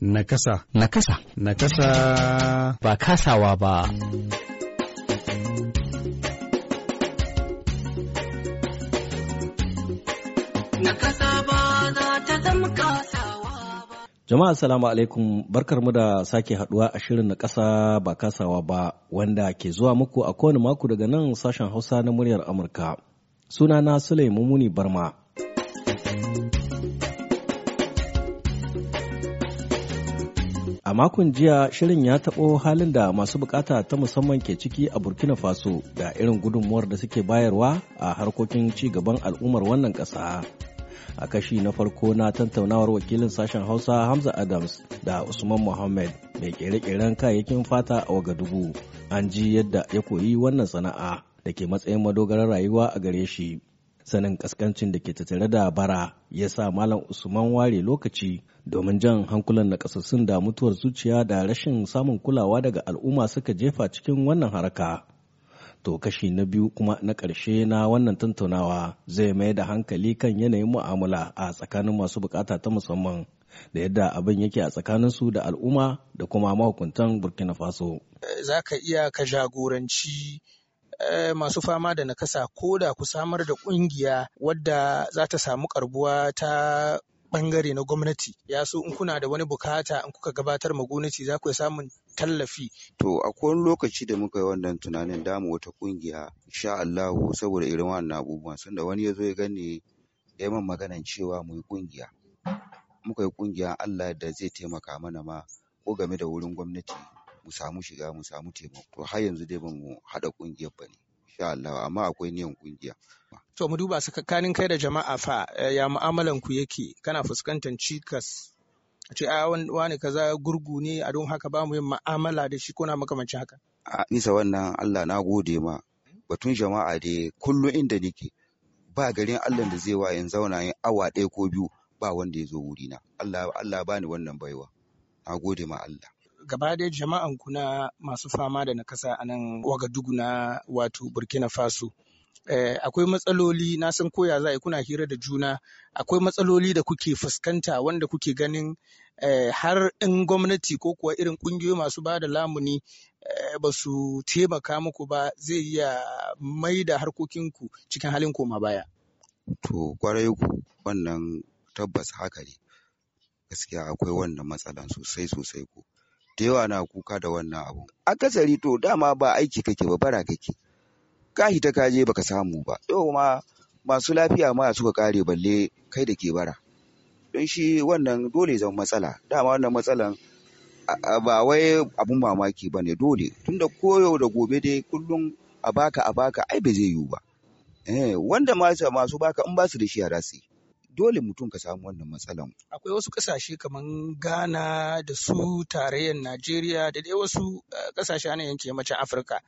Nakasa. Nakasa. Nakasa. Ba kasawa ba. kasa ba ta zama kasawa ba. Jama'a salamu alaikum barkar mu da sake haduwa a shirin na kasa ba kasawa ba wanda ke zuwa muku a kowane mako daga nan sashen hausa na muryar Amurka. Sunana Sulaimu Muni Barma. A makon jiya shirin ya taɓo halin da masu bukata ta musamman ke ciki a Burkina Faso da irin gudunmuwar da suke bayarwa a harkokin ci gaban al'ummar wannan ƙasa. A kashi na farko na tantaunawar wakilin sashen Hausa Hamza Adams da Usman Mohammed mai kere-keren kayayyakin fata a Wagadugu. An ji yadda ya koyi wannan sana'a da ke matsayin madogarar rayuwa a gare shi. sanin kaskancin da ke tattare da bara ya sa malam usman ware lokaci domin jan hankulan kasassun da mutuwar zuciya da rashin samun kulawa daga al'umma suka jefa cikin wannan haraka to kashi na biyu kuma na ƙarshe na wannan tattaunawa zai mai da hankali kan yanayin mu'amala a tsakanin masu bukata ta musamman da yadda abin yake a tsakanin su da al'umma da kuma mahukuntan burkina faso za ka iya ka jagoranci Eh, masu fama da nakasa ko da ku samar da ƙungiya wadda za ta samu karbuwa ta bangare na gwamnati ya so in kuna da wani bukata in kuka gabatar ma gwamnati za ku samun tallafi. To akwai lokaci da muka yi wannan tunanin damu wata kungiya sha Allahu saboda irin wannan abubuwan sanda wani ya zo ya gane ya min maganan cewa mu yi kungiya. Muka yi kungiya Allah da zai taimaka mana ma ko game da wurin gwamnati mu samu shiga mu samu taimako har yanzu dai ba mu haɗa ƙungiyar ba ne insha Allah amma akwai niyan kungiya. To mu duba su tsakanin kai da jama'a fa eh, ya mu'amalan ku yake kana fuskantar cikas a ce a ah, wani kaza gurgu ne a don haka ba mu yin mu'amala da shi ko na makamancin haka. A nisa wannan Allah na gode ma batun jama'a dai kullum inda nake ba garin Allah da zai wa zauna yin awa ɗaya ko biyu ba wanda ya zo wurina. Allah Allah bani wannan baiwa. Na gode ma Allah. gaba da jama'an ku na masu fama da nakasa a nan Wagadugu na wato Burkina Faso. Eh, akwai matsaloli na san koya za a kuna hira da juna akwai matsaloli da kuke fuskanta wanda kuke ganin eh, har in gwamnati ko kuwa irin kungiyoyi masu ba da lamuni eh, ba su taimaka muku ba zai iya mai da harkokinku cikin halin koma baya. To kwarai ku wannan tabbas haka ne gaskiya akwai wannan matsalan sosai sosai ku. da yawa na kuka da wannan abu akasari to dama ba aiki kake ba bara kake ka hita ka je baka samu ba yau ma masu lafiya ma suka kare balle kai da ke bara don shi wannan dole zan matsala dama wannan matsalan ba wai abun mamaki ba ne dole tunda koyo da gobe dai kullum a baka a baka ai ba zai yiwu ba eh, wanda masu masu baka in ba su da shi a rasi dole mutum ka samu wannan matsalan. Akwai wasu ƙasashe kamar Ghana da su tarayyar Najeriya da dai wasu eh, ƙasashe na yanki yammacin Afirka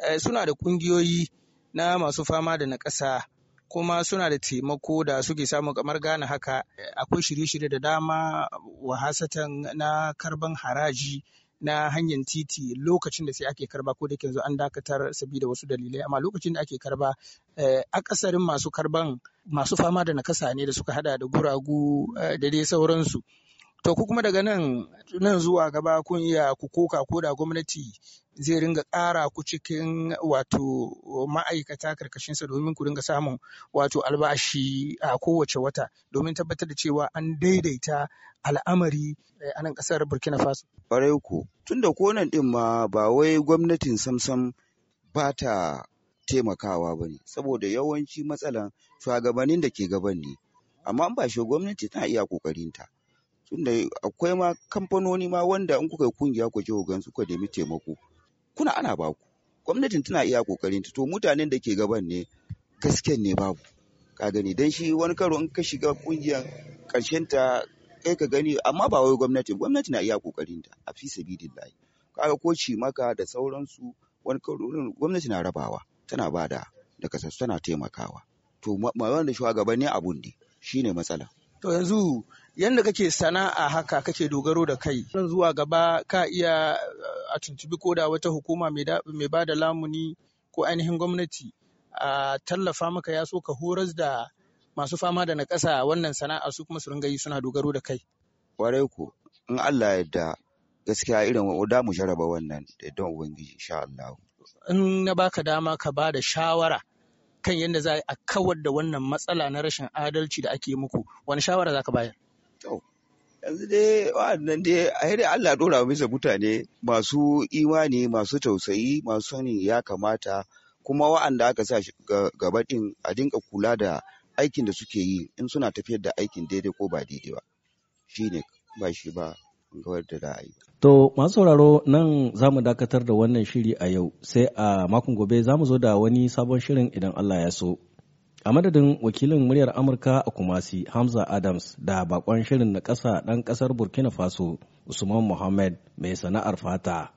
eh, suna da ƙungiyoyi na masu fama da na ƙasa kuma suna da taimako da suke samu kamar Ghana haka eh, akwai shirye-shirye da dama wahasatan na karban haraji na hanyar titi lokacin da sai ake karba ko da yanzu an dakatar sabida wasu dalilai amma lokacin da ake karba eh, akasarin masu karban masu fama da nakasa ne da suka hada da guragu eh, da dai sauransu To ku kuma daga nan nan zuwa gaba kun iya ku koka ko da gwamnati zai ringa ƙara ku cikin wato ma'aikata karkashinsa domin ku ringa samun wato albashi a kowace wata domin tabbatar da cewa an daidaita al'amari eh, a nan ƙasar Burkina Faso. Ƙwarai ku, tun da konan ɗin ma ba wai gwamnatin samsam ba ta taimakawa ba ne, saboda yawanci matsalan shugabannin da ke gaban ne, amma ba shi gwamnati tana iya ƙoƙarinta. tunda akwai ma kamfanoni ma wanda in kuka yi kungiya ku je ku su kuka nemi taimako kuna ana baku gwamnatin tana iya kokarin ta to mutanen da ke gaban ne gasken ne babu ka gani dan shi wani karo in ka shiga kungiyar karshen ta kai ka gani amma ba wai gwamnati gwamnati na iya kokarin ta a fi sabilillahi kaga ko ci maka da sauransu wani karo gwamnati na rabawa tana bada da kasassu tana taimakawa to ma wanda ne abun ne shine matsala to yanzu yadda kake sana'a haka kake dogaro da kai nan zuwa gaba ka iya a tuntubi ko da wata hukuma mai ba da lamuni ko ainihin gwamnati a tallafa maka ya so ka horas da masu fama da nakasa wannan sana'a su kuma su ringa yi suna dogaro da kai kwarai ku in Allah ya da gaskiya irin da mu jaraba wannan da don ubangiji insha in na baka dama ka ba da shawara kan yadda za a kawar da wannan matsala na rashin adalci da ake muku wani shawara za ka bayar yanzu dai wa'annan dai a dai Allah dora bisa mutane masu imani masu tausayi masu sanin ya kamata kuma wa'anda aka sa gaba din a dinka kula da aikin da suke yi in suna tafiyar da aikin daidai ko ba daidai ba shine ba shi ba To masu sauraro nan za mu dakatar da wannan shiri a yau sai a makon gobe za mu zo da wani sabon shirin idan Allah ya so. A madadin wakilin muryar Amurka a Kumasi Hamza Adams da bakon shirin na ƙasa ɗan ƙasar Burkina Faso Usman Mohammed mai sana'ar fata.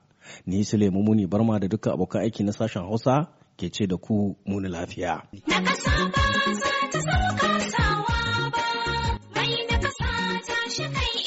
Ni Sule Mumuni Barma da duka abokan aiki na sashen Hausa ke ce da ku muni lafiya. Na ƙasa ba za ta sauka sawa ba, mai na ƙasa ta kai